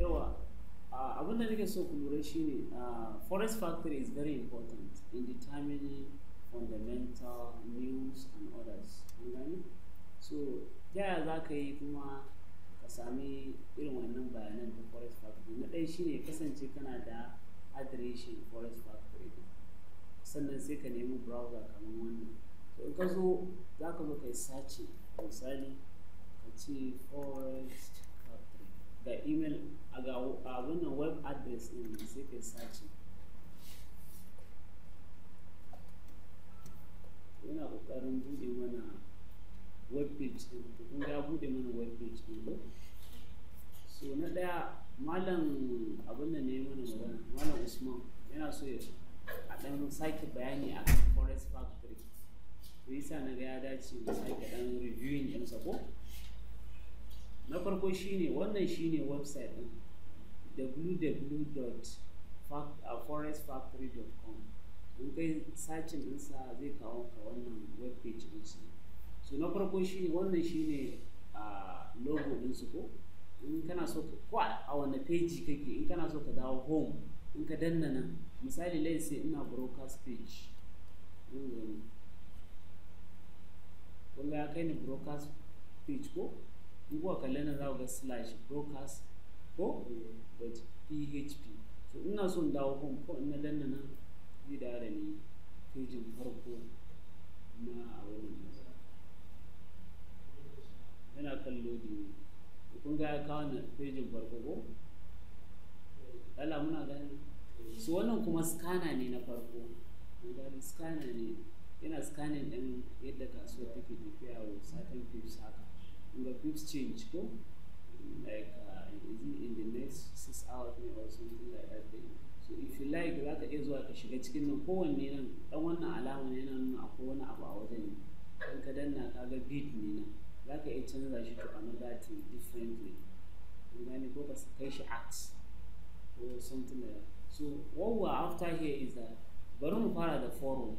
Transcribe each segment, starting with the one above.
yawa abin da nake so kuma shi ne forest factory is very important in determining fundamental news and others an so yaya za ka yi kuma ka sami irin wannan bayanan ta forest factory na ɗaya shine kasance kana da adireshin forest factory sannan sai ka nemi browser kamar wannan to in ka zo za ka zo ka yi sace misali ka ce forest da email a ga wannan web address din sai ka sace yana kokarin bude mana web page din kun ga bude mana web page din ba so na daya malam abin da ne mana magana malam usman yana so ya a dan sake bayani akan forest factory to yasa na ga ya dace mu sake dan reviewing din sa ko na farko shine wannan shine website din www.forestfactory.com in kai sacin insa zai kawo ka wannan web page ɗinsu so na farko shine wannan shine a logo su ko in kana so ka ko a wani page kake in kana so ka dawo home in ka danna nan misali lai sai ina broadcast page kun ga ya kai ni broadcast page ko in kuka kalli nan za ku ga slash brokers ko php to ina son dawo home ko ina danna nan zai da da ni pejin farko na a wannan yana kan lodi ne kun ga ya kawo na pejin farko ko ala muna gani su wannan kuma scanner ne na farko scanner ne yana scanning din yadda kasuwar take tafiya wa satin pips haka and the groups change too. Like uh, in the next six hours or something like that thing. Eh? So if you like za ka iya zuwa ka shiga cikin nan kowanne nan dan wannan alama ne nan akwai wani abu a wajen ne. In ka ga beat ne know, za ka iya canza shi to another thing differently. You gane ko ka kai shi acts or something like that. So what we're after here is that bari mu fara da forum.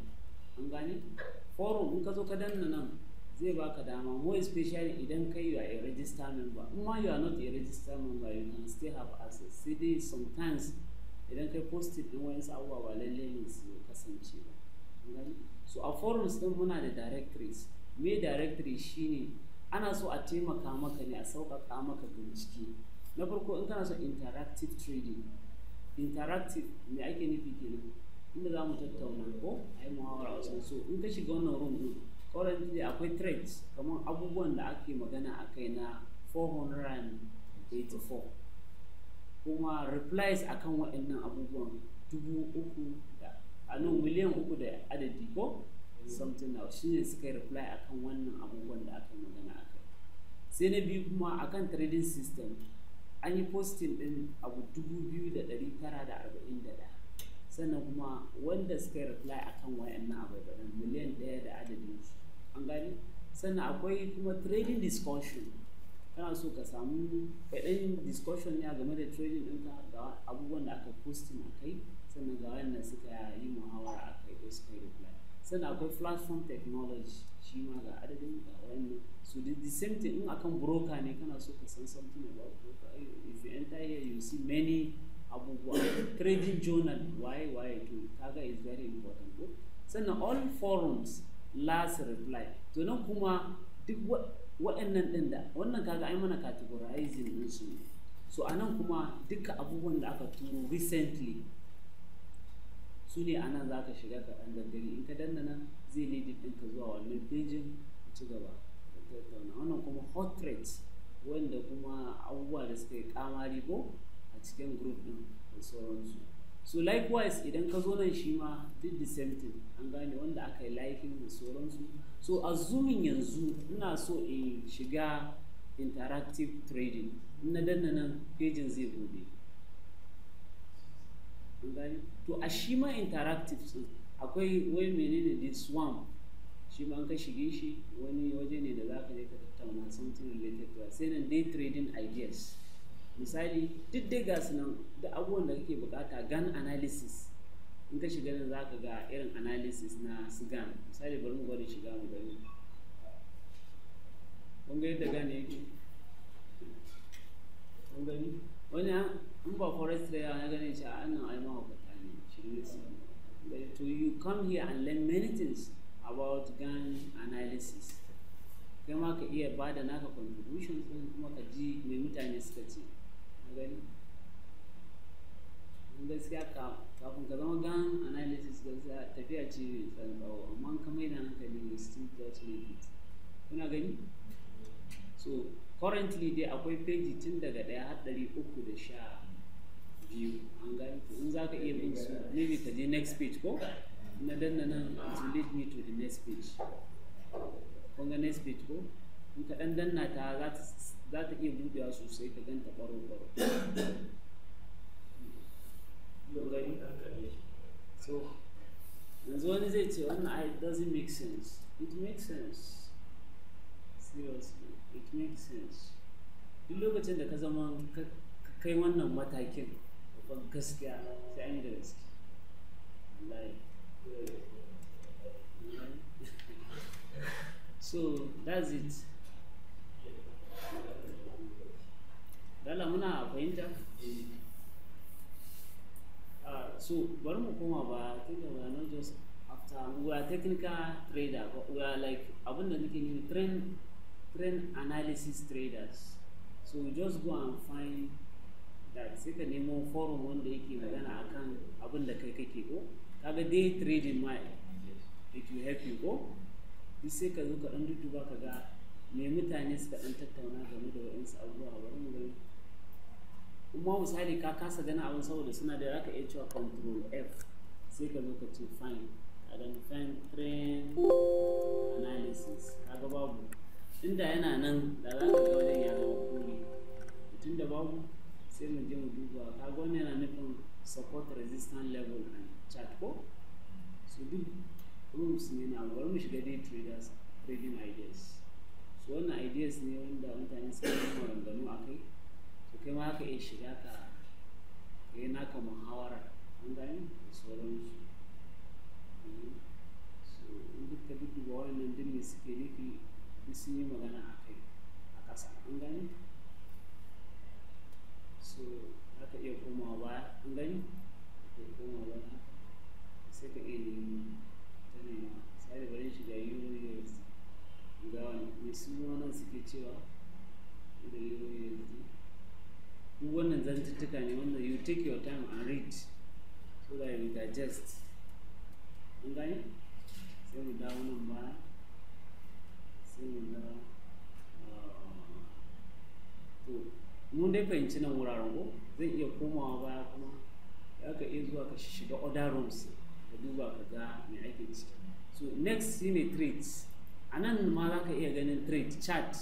An then Forum in ka zo ka danna nan zai baka dama more especially idan kai you are a register member in ma you are not a register member you can still have access sai dai sometimes idan kai posted din wani abubuwa ba lalle ne su kasance ba so a forums din muna da directories me directory shine ana so a taimaka maka ne a sauƙaƙa maka bincike na farko in kana so interactive trading interactive me ake nufi kenan inda za mu tattauna ko a yi muhawara wasu so in ka shiga wannan room din currently dai akwai trades kamar abubuwan da ake magana a kai na 484 kuma replies akan waɗannan abubuwan dubu uku da a nan miliyan uku da adadi ko something now shine suka yi reply akan wannan abubuwan da aka magana a kai sai na biyu kuma akan trading system an yi posting din abu dubu biyu da ɗari tara da arba'in da ɗaya sannan kuma wanda suka yi reply akan abu abubuwan miliyan ɗaya da adadin su an gani sannan akwai kuma trading discussion kana so ka samu kaɗan discussion ne a game da trading ɗinka ga abubuwan da aka posting a kai sannan ga wannan suka yi muhawara a kai ko suka yi reply sannan akwai platform technology shi ma ga adadin ga wannan so the, the same thing in akan broker ne kana so ka san something about broker if you enter here you see many abubuwa trading journal why why to kaga is very important sannan all forums last reply to nan kuma duk waɗannan ɗin da wannan kaga ai mana categorizing din su ne so a kuma duka abubuwan da aka turo recently su ne a nan za ka shiga ka ɗan gangare in ka danna nan zai lead ɗinka zuwa wannan pejin ci gaba wannan kuma hot rate wanda kuma abubuwa da suka yi kamari ko a cikin group din da sauransu so likewise idan ka zo nan shi ma duk the same thing an gane wanda aka yi laifin da sauransu so a zoomin yanzu ina so in shiga interactive trading na danna nan pejin zai gobe to a shi ma interactive sun akwai wai menene the swamp shi ma an ka shige shi wani waje ne da za ka je ka tattauna something related to sai nan day trading ideas misali duk dai ga nan da abubuwan da kake bukata gan analysis in ka shiga nan zaka ga irin analysis na su gan misali bari mu gwada shiga mu gani kun ga yadda gane yake kun gani wani an ba forest yawa na gane shi a annan almawa kwata ne shirin su to you come here and learn many things about gan analysis kai ma ka iya bada naka contribution kuma ka ji me mutane suka ce gani gaskiya kafin ka zama gan analysis gaskiya tafiya ce mai tsawo amma ka mai da hankali ne still judgment kuna gani so currently dai akwai peji tun daga ɗaya har ɗari uku da sha biyu an gani to in za ka iya bin su maybe ka je next page ko na danna nan to lead me to the next page kun ga next page ko in ka ɗan danna ta za ta Data e Bluetooth sosai ka ganta baro baro. So yanzu wani zai ce wannan ai doesn't make sense. It makes sense. Seriously, it makes sense. Duk lokacin da ka zama kai wannan matakin babban gaskiya sai an yi da gaske. So that's it. Dala muna fahimta? Ah, so bari mu koma ba tun da are not just after we are technical trader but we are like abin da nake yi trend trend analysis traders so we just go and find that sai ka nemo forum wanda yake magana akan abin da kai kake ko kaga day trading ma it will help you go. duk sai ka zo ka dan duduba ka ga me mutane suka ɗan tattauna game da wa'insu abubuwa bari mu gani kuma misali ka kasa gana abin saboda suna da raka iya cewa control f sai ka zo ka ce fine ka gani fine train analysis ka ga babu inda yana nan da za ka ga ya zama kuri mutum da babu sai mu je mu duba Ka ga wani yana nufin support resistance level and chart ko su duk rules ne na bari mu shiga dai traders trading ideas su wannan ideas ne wanda mutane suka yi maganganu a kai to kai ma haka iya shiga ka yi naka muhawara an gani da sauransu so in duk ka dudduba waɗannan duk dinne suke nufi duk sun yi magana a kai a ƙasa an gani so za ka iya komawa baya an gani ka iya komawa baya and you, know, you take your time and read so that you digest. Okay? Same with that one number. Same with that. mun fahimci nan ko zai iya komawa baya kuma aka iya zuwa ka shiga other rooms ka duba ka ga so next in a treat, ma za ka iya ganin treat chat?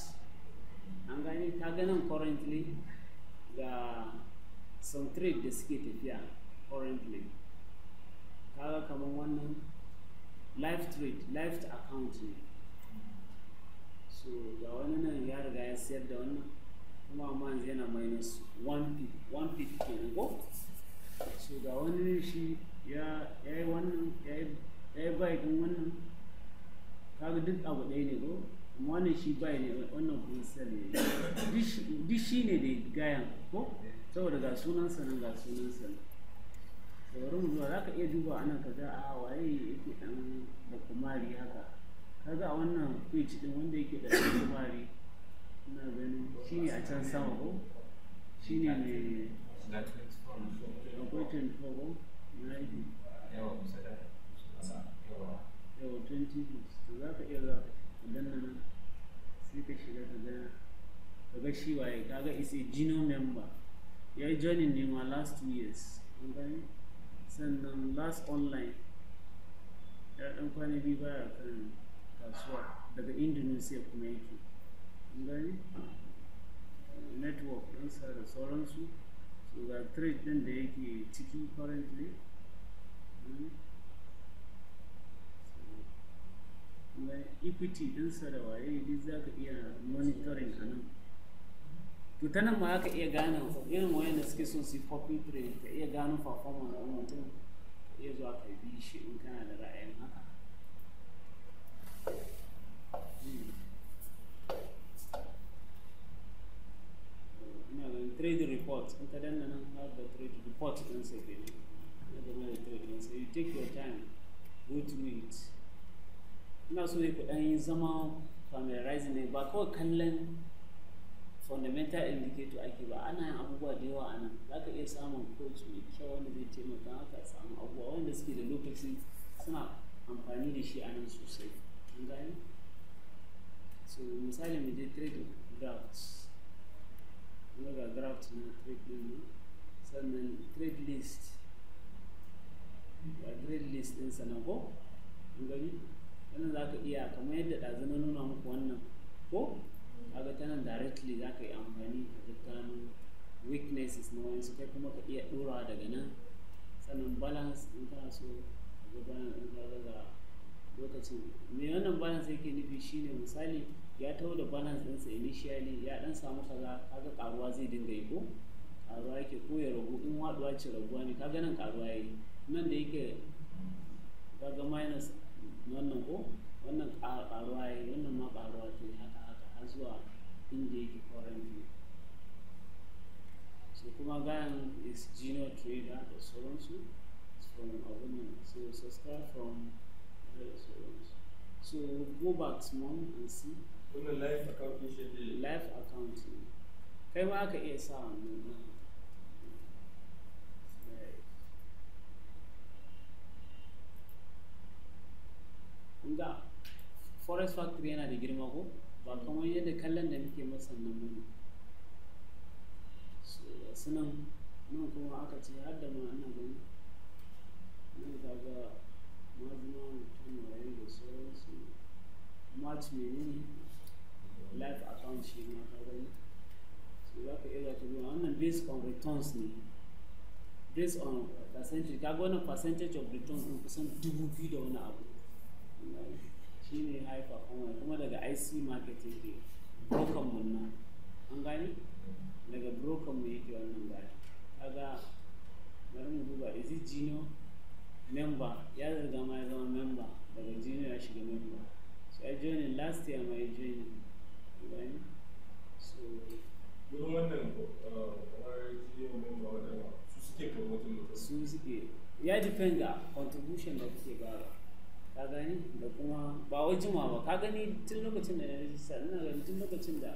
an gane ta ganin currently sau trade da suke tafiya currently kaga kamar wannan life trade life account ne so ga wani nan ya riga ya sayar da wannan kuma amma yanzu yana minus 1p 1p kenan ko so ga wani shi ya yi wannan ya yi bai din wannan kaga duk abu ɗaya ne ko amma wannan shi bai ne wannan kuma sell ne duk shi ne da gayan ko saboda ga sunan sanin ga sunan sanan wurin zuwa za ka iya duba ana ah, ka ga a waye yake dan da kumari haka za a wannan page din wanda yake da kumari ina ganin ne a can sama ko Shi ne akwai 24 ko na yi yawa kusa da yawa 20 Da za ka iya za ka danna nan sai ka shiga ka ga ka ga shi waye ka ga a genome member ya yi joining nema ma last two years sannan last online ya dan kwana biyu baya kan kasuwa daga indonesia kuma yake gani network ɗinsa da sauransu so ga trade ɗin da yake ciki currently equity ɗinsa da waye duk za ka iya monitoring a nan to ta nan ma aka iya gane irin wayan da suke son su yi puppetry ka iya gano performance ɗin mutum ka iya zuwa ka bi shi in kana da ra'ayin haka hmm. ina da trade report in ka danna nan har da trade report ɗin sai ke nan na game da trade ɗin sai you take your time go to it ina so ne ku ɗan yi zama familiarizing ne ba kawai kallon fundamental indicator ake ba ana yin abubuwa da yawa ana za ka iya samun coach mai kyau wanda zai taimaka ka samu abubuwa wanda suke da lokaci suna amfani da shi a nan sosai kun gani so misali mu je trade graphs kuma ga graphs na trade din ne sannan trade list ga trade list din sana ko kun gani wannan za ka iya kamar yadda ɗazu na nuna muku wannan ko kaga ta nan directly za ka yi amfani da dukkanin weaknesses na wani kai kuma ka iya ɗorawa daga nan sannan balance in kana so ga balance in ka daga lokacin me wannan balance yake nufi shine misali ya taho da balance ɗinsa initially ya ɗan samu kaza kaga karuwa zai dinga yi ko karuwa yake ko ya rabu in waɗuwa ce rabuwa ne kaga nan karuwa yayi nan da yake kaga minus wannan ko wannan karuwa yayi wannan ma karuwa to haka har zuwa inda yake currently so kuma gayan is junior trader da sauransu from abun nan so subscribe from da sauransu so go back mom and see wannan live account ne shi live account ne kai ma aka iya sa wannan nan kun ga forest factory yana da girma ko ba kamar yadda kallon da muke masannan bane su nan kuma aka ce har da ma ana gani nan kaga mazuma mutum wayan da sauransu match ne life account shi ma ka gani su za ka iya ta biyu wannan based on returns ne based on percentage kaga wannan percentage of returns kusan dubu biyu da wani abu shine high haifa kuma daga IC market yake broker mun na an gani daga broker mu yake wannan gani kaga bari mu duba is it junior member ya zarga ma ya zama member daga junior ya shiga member so I joined last year ma ne joined gani so gudun wannan eh, kamar junior member wadanda su suke promoting mutum su suke ya depend a contribution da kuke bayarwa ka gani da kuma ba wai jima ba ka gani tun lokacin da na rijista ina gani tun lokacin da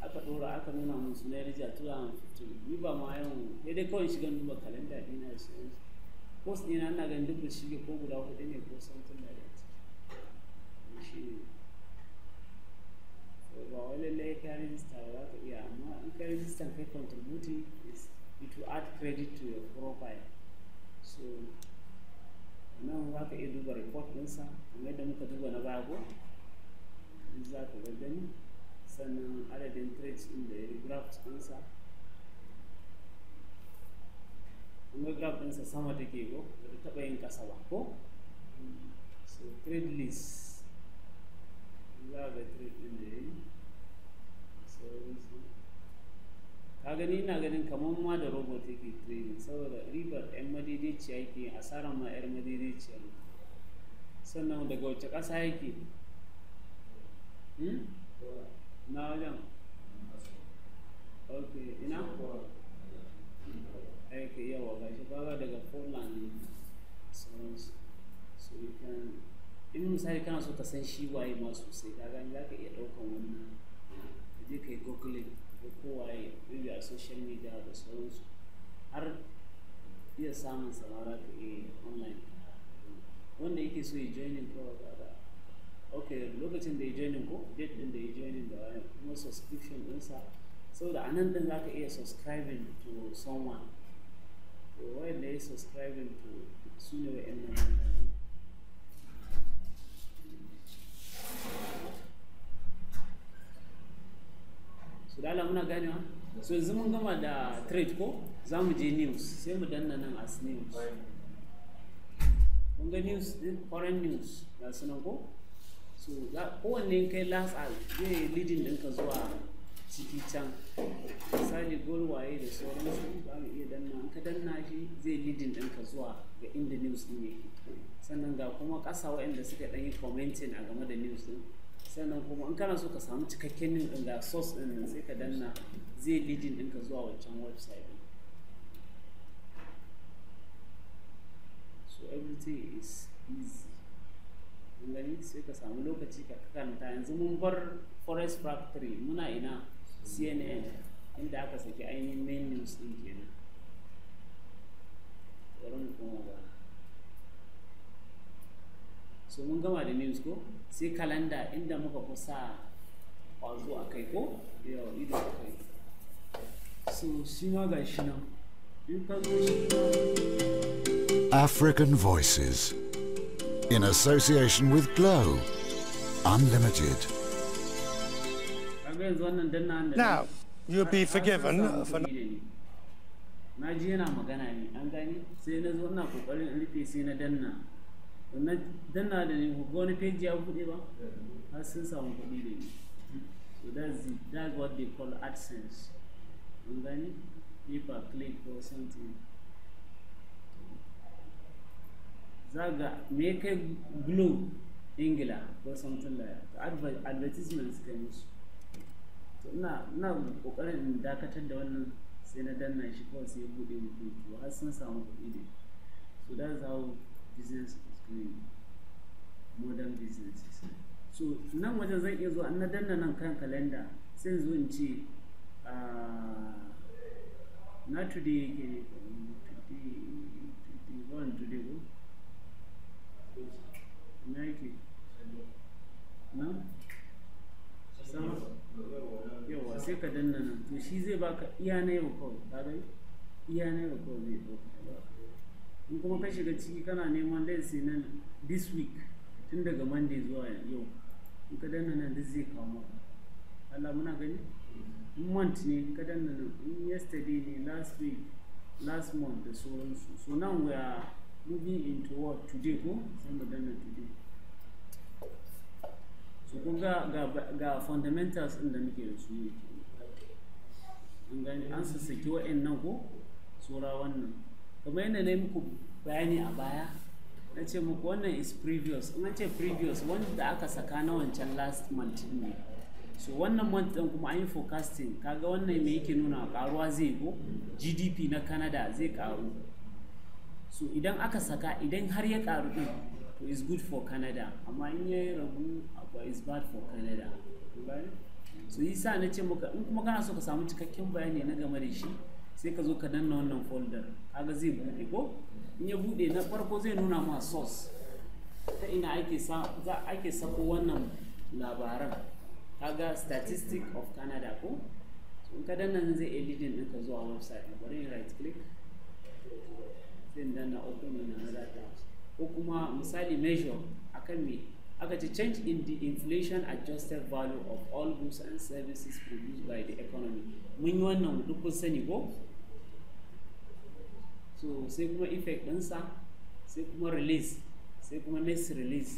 aka ɗora aka nuna musu na rijista 2015 ni ba ma yau ya dai kawai shiga duba kalenda ɗina da shi kos ɗina ina gani duk da shige ko guda hudu ne ko sautin da ya shi ne ba wai lallai ka rijista ba za ka iya amma in ka rijista kai contributing it will add credit to your profile so nan za ka iya duba report ɗinsa kamar yadda muka duba na bago ko za ka ga gani sannan adadin trades ɗin da ya yi graph ɗinsa kuma graph ɗinsa sama take ko ba ta taɓa yin ƙasa ba ko so trade list za ga trade ɗin da ya yi sauransu ka gani ina ganin kamar ma da robot yake trading saboda ribar yan madaidaiciya yake asarar ma yan madaidaiciya sannan daga wacce ƙasa yake hmm? na wajen ok ina aiki yawa ba shi ba daga poland ne sauransu so you can in misali kana so ka san shi waye ma sosai gani za ka iya ɗaukan wannan je ka yi googling ko kowaye maybe a social media da sauransu har iya samun samara ka iya online wanda yake so ya joinin kawai da da ok lokacin da ya joinin ko date din da ya joinin da wani kuma subscription ɗinsa saboda a nan din za ka iya subscribing to someone to da ya subscribing to su ne wa'yan nan su da muna ganewa so yanzu mun gama da trade ko za mu je news sai mu danna nan as news mun ga news din foreign news ga sunan ko so kowanne kai last al zai leading ɗinka zuwa ciki can misali golwaye da sauransu za mu iya danna an ka danna shi zai leading ɗinka zuwa ga inda news ɗin yake sannan ga kuma ƙasa waɗanda suka ɗan yi commenting a game da news ɗin sannan kuma in kana so ka samu cikakken link din da source din sai ka danna zai leading ka zuwa wancan website so everything is easy mun gani sai ka samu lokaci ka karanta yanzu mun bar forest factory muna ina cnn inda aka saki ainihin main news din kenan bari mu ba so mun gama da ko sai inda muka kusa ko yau ido so shi ma nan African Voices in association with Glow Unlimited. Now, you'll be forgiven for not. magana wannan danna da ne ga wani page ya buɗe ba har sun samu kuɗi da ni so that's the that's what they call adsense an if a click or something zaga me kai glow ingila ko something like that advertisements kai musu to ina ina kokarin in dakatar da wannan sai na danna shi kawai sai ya buɗe mutum to har sun samu kuɗi da so that's how business Hmm. modern businesses so nan wajen zan iya zo an na danna nan kan kalenda sai zo in ce ah, na today yake today today one today go na yake na sama yawa sai ka danna nan to shi zai baka iya na yau kawai iya na yau kawai zai dauka in kuma ka shiga ciki kana neman let's nan this week tun daga monday zuwa yau in ka danna nan duk zai kawo maka Allah muna gani month ne ka danna nan in yesterday ne last week last month da sauransu so now we are moving into what today ko sai mu danna today so kun ga ga fundamentals din da muke da su ne an gani an sassake wa'annan ko tsora wannan kuma yadda na yi muku bayani a baya na ce muku wannan is previous in ce previous wanda aka saka na wancan last month ne so wannan month din kuma an yi forecasting kaga wannan mai yake nuna karuwa zai go gdp na canada zai karu so idan aka saka idan har ya karu din to is good for canada amma in ya rabu abuwa is bad for canada so sa na ce muka in kuma kana so ka samu cikakken bayani na game da shi sai ka zo ka danna wannan folder kaga zai bude ko in ya bude na farko zai nuna ma source ta ina ake sa za ake sako wannan labaran kaga statistic of canada ko in ka danna nan zai editing din ka zuwa website bari in right click sai danna open in another tab ko kuma misali measure akan me aka ce change in the inflation adjusted value of all goods and services produced by the economy mun yi wannan duk kun sani ko so sai kuma effect sa. sai kuma release sai kuma next release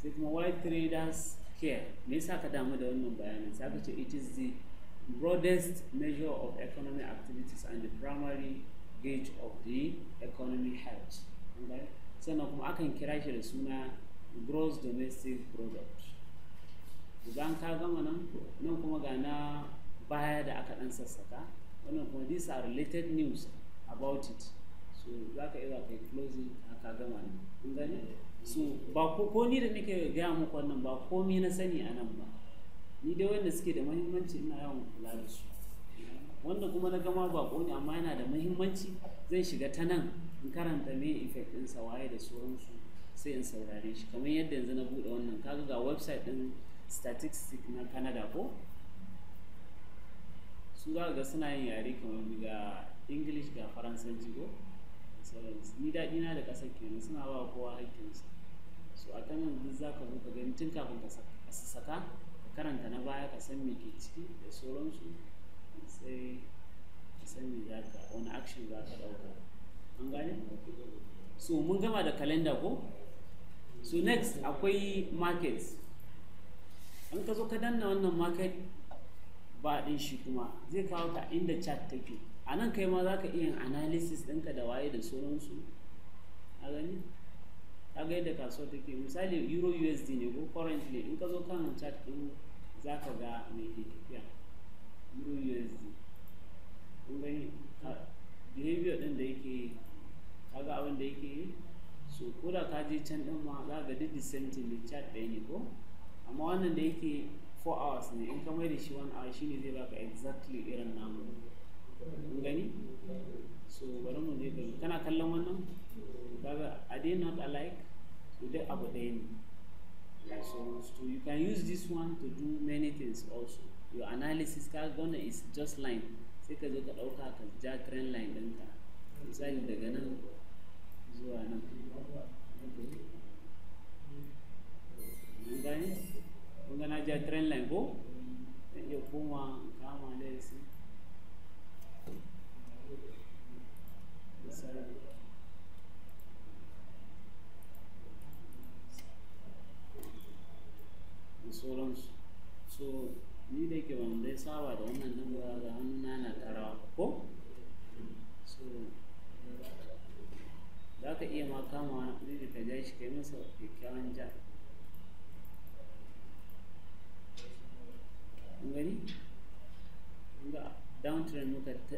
sai kuma why traders care me yasa ka damu da wannan bayanin sai ka ce it is the broadest measure of economic activities and the primary gauge of the economy health sannan kuma akan kira shi da suna gross domestic product idan ka gama nan nan kuma ga na baya da aka dan sassaka wannan kuma these are related news about it so za ka iya kai closing ka gama nan kun gane so ba ko ni da nake gaya muku wannan ba komi na sani a nan ba ni dai wanda suke da muhimmanci ina yawan kula da su wanda kuma na gama ba ne amma yana da muhimmanci zan shiga ta nan in karanta me effect ɗinsa waye da sauransu sai in saurare shi kamar yadda yanzu na buɗe wannan kaga ga website ɗin statistics na canada ko su za ga suna yin yare kamar ga english ga faransanci ko ni daɗi na da ƙasar kenan suna ba kowa haƙƙinsu so a kan yanzu za ka ka gani tun kafin ka saka ka karanta na baya ka san me ke ciki da sauransu sai ka san me za ka wani action za ka ɗauka an gane so mun gama da kalenda ko so next akwai market in ka zo ka danna wannan market ba din shi kuma zai kawo ka inda chat take a nan kai ma za ka iya analysis ɗinka da waye da sauransu a gani a ga yadda kasuwa take misali euro usd ne ko currently in ka zo kan chat din za ka ga mai ke tafiya euro usd kun gani behavior ɗin da yake kaga abin da yake so ko da ka je can ɗin ma za ga duk the same thing ne chat ɗaya ne ko amma wannan da yake 4 hours ne in ka mai da shi 1 hour shine zai baka exactly irin namu kun gani so bari mu je gani kana kallon wannan kaga are they not alike so duk abu ɗaya ne so, so you can use this one to do many things also your analysis ka gona is just line sai ka zo ka ɗauka ka ja trend line ɗinka misali daga nan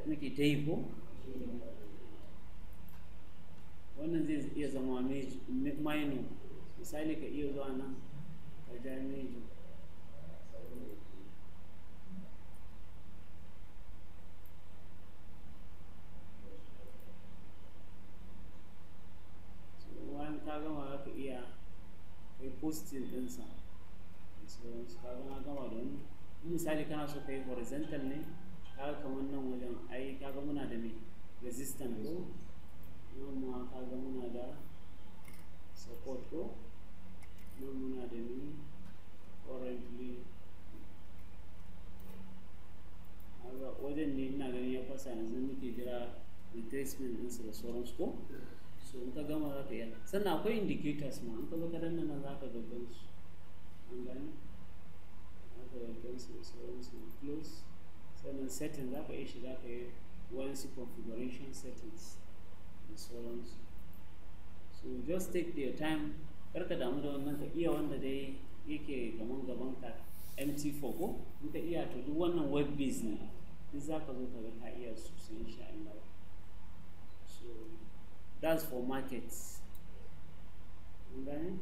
muke ta yi ko wannan zai iya zama maino misali ka iya zuwa nan ka ja mejo bayan ka gama za ka iya kai posting ɗinsa so ka gama gama da wani misali kana so ka yi horizontal ne kaga wannan wajen ai kaga muna da mai resistance ko nan ma kaga muna da support ko nan muna da mai currently kaga wajen ne ina ganin ya fasa yanzu muke jira retracement din ɗinsu da sauransu ko so in ka gama za ka iya sannan akwai indicators ma in ka zo ka danna nan za ka ga gansu an gani za ka ga gansu da sauransu close sannan setting za ka iya shiga ka yi waɗansu configuration settings so sauransu so just take your time kar ka damu da wannan ka iya wanda dai yake gaban gaban ka mt4 ko in ka iya to duk wannan web based ne duk za ka zo ka ga ka iya su sosai insha Allah so that's for markets gane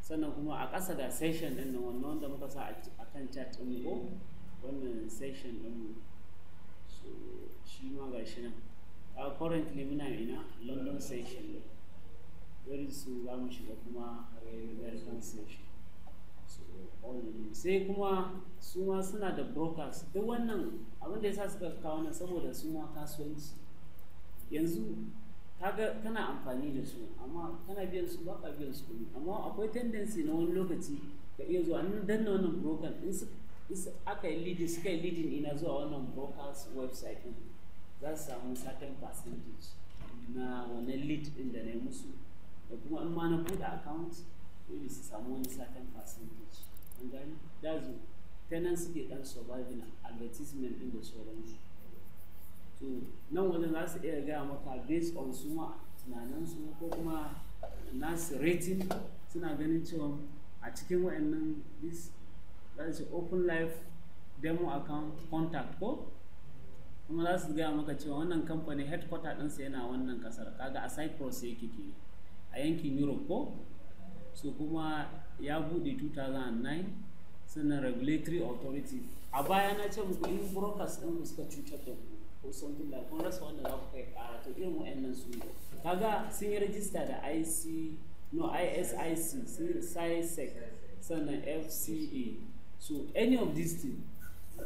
sannan kuma a ƙasa da session ɗin nan wannan wanda muka sa a kan chat ɗin ko wannan section din so shi ma ga shi nan a currently muna ina london section very soon za mu shiga kuma american section so sai kuma su ma suna da brokers duk wannan abin da yasa suka kawo nan saboda su ma kasuwanci yanzu kaga kana amfani da su amma kana biyan su baka biyan su amma akwai tendency na wani lokaci ka iya zuwa nan danna wannan broker in suka aka yi leading suka yi leading ina zuwa wannan brokers website din za su samu certain percentage na wannan lead din da na yi musu da kuma in ma na buɗe account dole su samu wani certain percentage an gani dazu tenants suke dan surviving advertisement din da sauransu to nan wajen za su iya gaya maka based on su ma tunaninsu ko kuma nasu rating suna ganin cewa a cikin wa'annan this that is open life demo account contact ko kuma za su gaya maka cewa wannan kamfani headquarter ɗinsa yana wannan kasar kaga a cyprus ya kike a yankin europe ko so kuma ya buɗe 2009 sannan regulatory authority a baya na ce muku in brokers ɗin suka cutar da ku ko something like kun rasa wanda za ku kai ƙara to irin nan su ne kaga sun yi rajista da ic no isic sai sannan fca so any of these things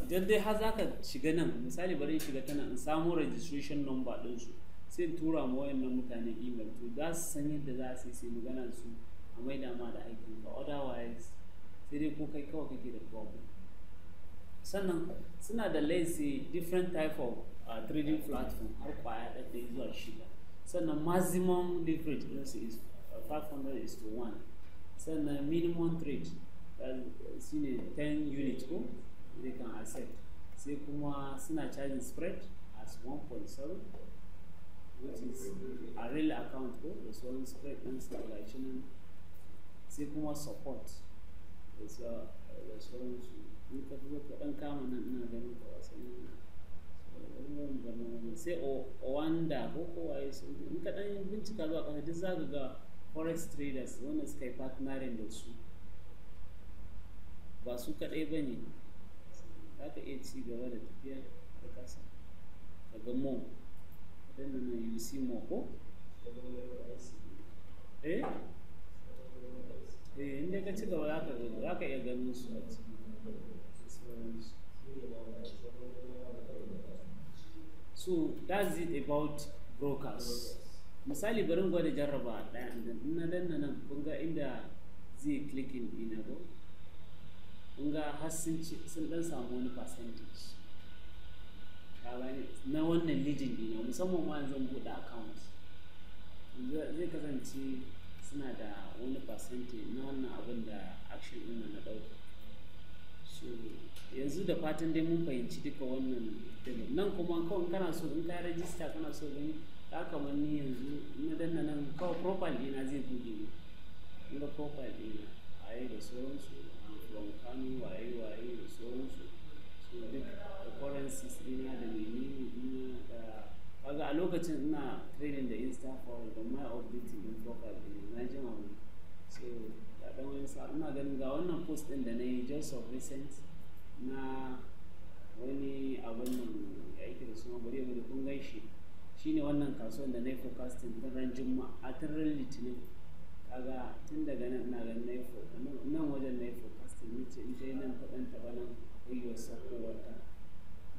idan dai har za ka shiga nan misali bari in shiga tana in samu registration number su sai in tura ma wayannan mutane email to za su san yadda za su yi sai magana su a mai dama da aiki ba otherwise sai dai ko kai kawai kake da problem sannan suna da lazy different type of uh, trading platform har kwaya ɗaɗɗaya zuwa shida sannan maximum leverage ɗinsu is 500 uh, is to 1 sannan minimum trade shine 10 unit ko they can accept sai kuma suna charging spread as 1.7 which is a real account ko da sauran spread din su da shi nan sai kuma support da sauran su in ka zo ka dan kama nan ina ganin ka wasanni sai owanda ko kowaye sun in ka dan bincika zuwa kasa duk zaka ga forex traders wanda suka yi partnering da su ba su kaɗai ba ne za ka iya ci gaba da tafiya da ƙasa daga ga mo waɗanda na yi si mo ko eh eh inda ka ci gaba za ka za ka iya ganin su a cikin so that's it about brokers misali barin gwada jarraba ɗaya na danna nan kun ga inda zai clicking ɗina ko kun ga har sun dan samu wani percentage ka gani na wannan lijin ne musamman ma zan buɗe account zai kasance suna da wani percentage na wannan abin da action din na ɗauka so yanzu da fatan dai mun fahimci duka wannan dalil nan kuma kawai kana so in ka rajista kana so gani ta kamar ni yanzu na danna nan kawai profile dina zai buɗe ne profile dina a yi da sauransu rubon kanu waye waye da sauransu so duk da currencies dina da menene dina da kaga a lokacin ina trading da instafall da my updating din broker din na jima mu so da dan wani sa ina ganin ga wannan post din da na yi just of recent na wani abin nan ya yake da suna bari da kun gan shi shine wannan kasuwan da na yi forecasting tun ran Juma, a tun litinin kaga tun daga nan ina ganin na nan wajen na yi forecasting musulmi ce in dai nan faɗan ta bana ayyuwar sakowarta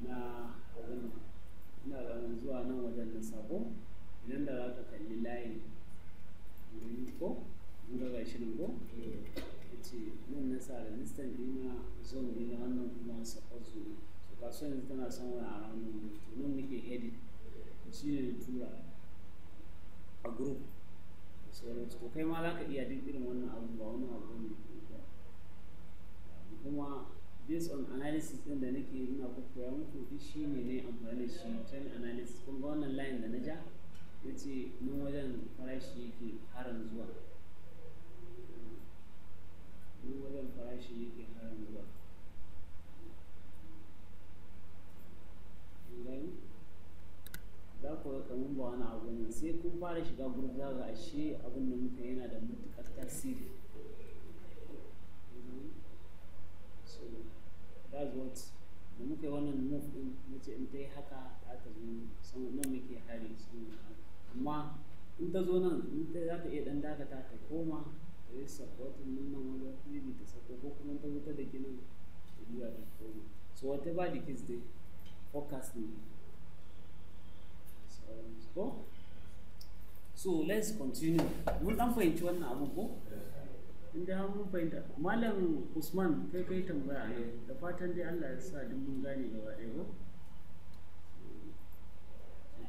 na abin ina ganin zuwa nan wajen na sako idan da za ka kalli layin ko in ga gashi nan ko ce nan na sa rajistan dina zon dina wannan kuma sako zuwa su kaso yanzu tana son wani a ranar to nan muke hedin shi ne tura a group da sauransu to kai ma za ka iya duk irin wannan abu ba wani abu ne kuma based on analysis din da nake ina koya muku duk shi ne ne amfani da shi trend analysis kun ga wannan line da na ja ya ce nan wajen farashi yake harin zuwa nan wajen farashi yake harin zuwa za ku ga kamar ba wani abu ne sai kun fara shiga ga ashe abin da muka yana da matuƙar tasiri so that's what da muke wannan move din na ce in ta yi haka da ta zo sama nan muke hari su sama amma in ta zo nan in ta za ta iya dan dakata ta koma ta yi supporting nuna nan wajen maybe ta sako ko kuma ta wuta da ginin ta biya ta koma so whatever the case dai focus ne so let's continue mun dan fahimci wannan abu inda mun fahimta malam usman kai kai tambaya ne da fatan dai allah ya sa duk mun gane gaba ɗaya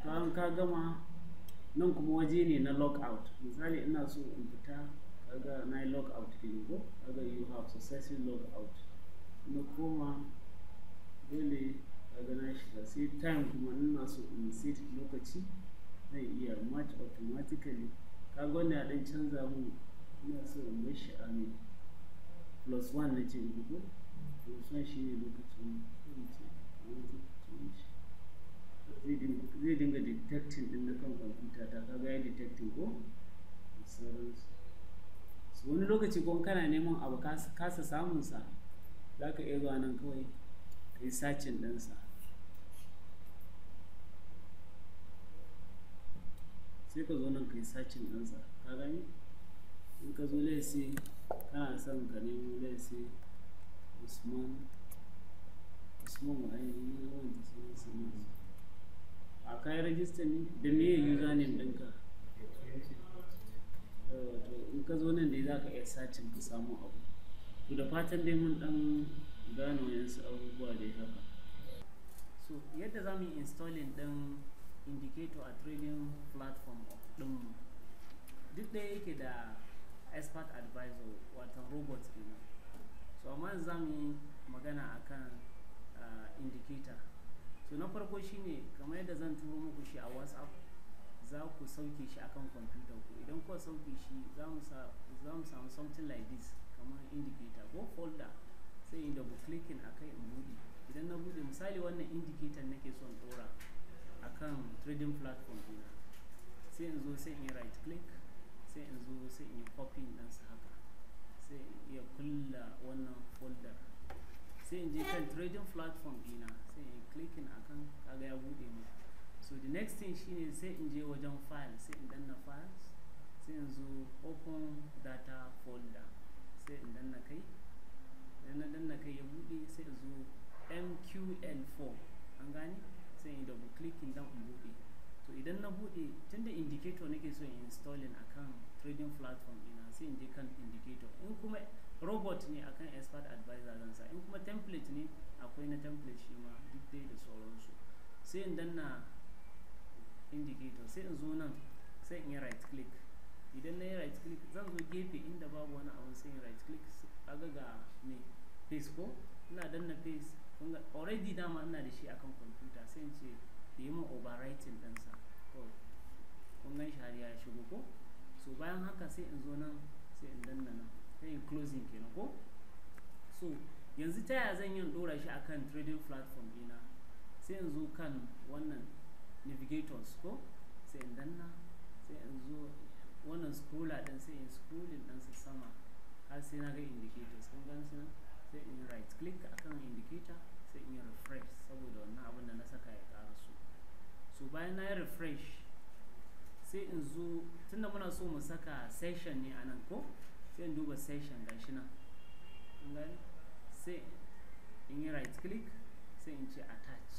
ba ka an gama nan kuma waje ne na lockout misali ina so in fita kaga na yi lockout ne ko kaga you have successful lockout na koma dole kaga na shiga sai time kuma ina so in set lokaci zan iya match automatically kaga wannan ya dan canza mun ina so in bar shi a mai plus one na ce ko plus one shi ne lokacin zai dinga detecting din na kan kwamfuta ta kaga ya detecting ko sauransu wani lokaci ko kana neman abu kasa sa za ka iya zuwa nan kawai ka yi sacin ɗansa sai ka zo nan ka yi sacin ɗansa ka gani in ka zo laisi kana son ka nemo laisi usman usman wa ainihin yi wanda sunan sunan a kayan rajista ne da me yi username ɗinka eh, to in ka zo nan dai za ka iya sacin ka samu abu to da fatan dai mun ɗan gano yansu abubuwa dai haka so yadda za mu yi installing ɗin indicator a trading platform ɗinmu duk ɗaya yake da expert advisor watan robot kenan so amma za mu yi magana akan uh, indicator so na farko shine kamar yadda zan turo muku shi a whatsapp za ku sauke shi akan computer ku idan kuka sauke shi za mu samu something like this kamar indicator ko folder sai in double clicking akai in buɗe idan na buɗe misali wannan indicator nake son dora akan trading platform dina sai in zo sai in right click sai in zo sai in yi copy sa haka sai ya kulla wannan folder sai in je kan trading platform dina sai in clicking akan kaga ya bude mu so the next thing shine sai in je wajen file sai in danna files sai in zo open data folder sai in danna kai idan na danna kai ya bude sai in zo mql 4 an gane sai in double clicking dan in bude to idan na bude tunda indicator nake so in installing akan trading platform ina sai in je kan indicator in kuma robot ne akan expert advisor zan sa in kuma template ne akwai na template shi ma duk dai da sauransu sai in danna indicator sai in zo nan sai in yi right click idan na yi right click zan zo gefe inda babu wani abu sai in right click kaga ga me face ko ina danna face already dama ina da shi akan computer sai in ce da yi min overwriting ɗansa Gwamnan gan shi har ya shigo ko so bayan haka sai in zo nan sai in danna nan sai in closing kenan ko so yanzu ta yaya zan yi dora shi akan trading platform dina sai in zo kan wannan navigators ko sai in danna sai in zo wannan scroller din sai in scrolling din sa sama har sai na ga indicators kun gan su nan sai in right click akan indicator sai in refresh saboda wannan abin da na saka ya ƙara su so bayan na yi refresh sai in zo tunda muna so mu saka session ne a nan ko sai in duba session ga shi nan sai in yi right click sai in ce attach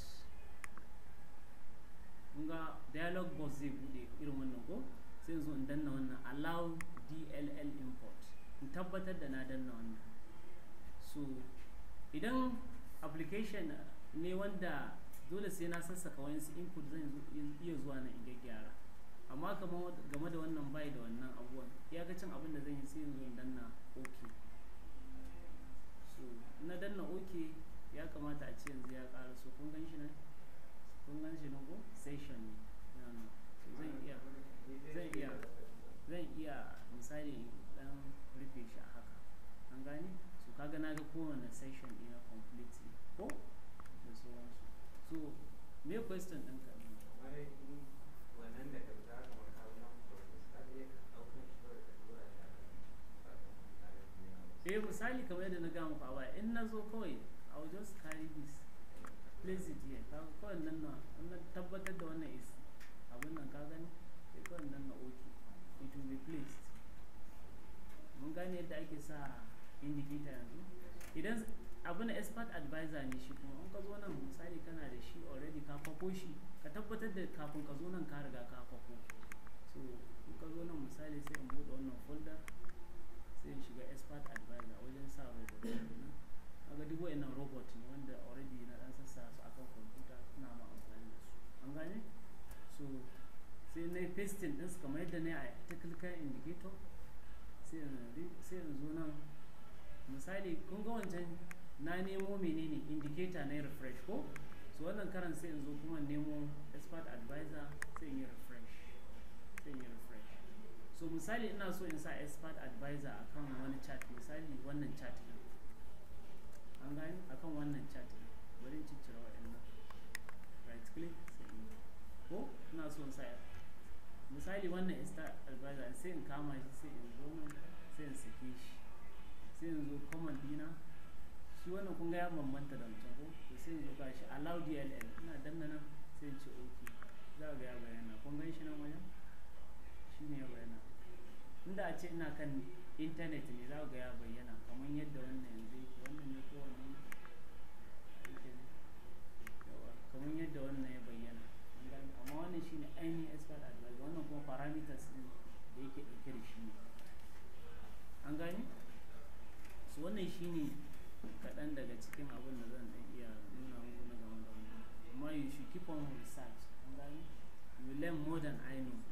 ga dialog box zai bude irin wannan ko sai in zo in danna wannan allow dll import in tabbatar da na danna wannan so idan application ne wanda dole sai na sassaka wayansu input zan iya zuwa na in gyaggyara amma game da wannan bai da wannan abubuwan iyakacin abin da zan yi sai yanzu in danna ok so na danna ok ya kamata a ce yanzu ya ƙara so kun gan shi nan kun gan shi nan ko session ne zan iya zan iya zan iya misali dan rufe shi a haka an gane so kaga na ga kowane session ɗina complete ko da sauransu so me question ɗin na gama fa in na zo kawai i will just carry this eh, place it here ka kawai nan na wannan tabbatar da wannan is abin nan ka gani sai eh, kawai nan na okay it will be placed mun gane yadda ake sa indicator yanzu idan abin expert advisor ne shi kuma in ka zo nan misali kana da shi already ka kwako shi ka tabbatar da kafin ka zo nan ka riga ka kwako so in ka zo nan misali sai in buɗe wannan folder sai shiga expert advisor wajen sa robot ga duk wayannan robot ne wanda already na dan sassa su akan computer suna ma amfani da su an gane so sai na pasting din su kamar yadda na yi a technical indicator sai in zo nan misali kun ga wancan na nemo menene indicator na refresh ko so wannan karan sai in zo kuma nemo expert advisor sai in yi refresh so misali ina so in sa expert advisor akan wani chat misali wannan chat din an gani akan wannan chat din bari in ciccire waɗannan right click sai in ko ina so in sa misali wannan expert advisor sai in kama shi sai in zo mun sai in sake shi sai in zo command dina shi wannan kun ga ya bambanta da mutum ko to sai in zo ga shi allow dll ina danna nan sai in ce okay za ga ya bayyana kun gan shi nan wajen shi ne ya bayyana inda a ce ina kan intanet ne za ga ya bayyana kamar yadda wannan yanzu yake wannan ne ko wannan kamar yadda wannan ya bayyana amma wannan shine ainihin expert advisor wannan kuma parameters din da yake ɗauke da shi ne an gani. su wannan shine kaɗan daga cikin abin da zan ɗan iya nuna muku na game da wannan amma you should keep on research an gani. you learn more than I know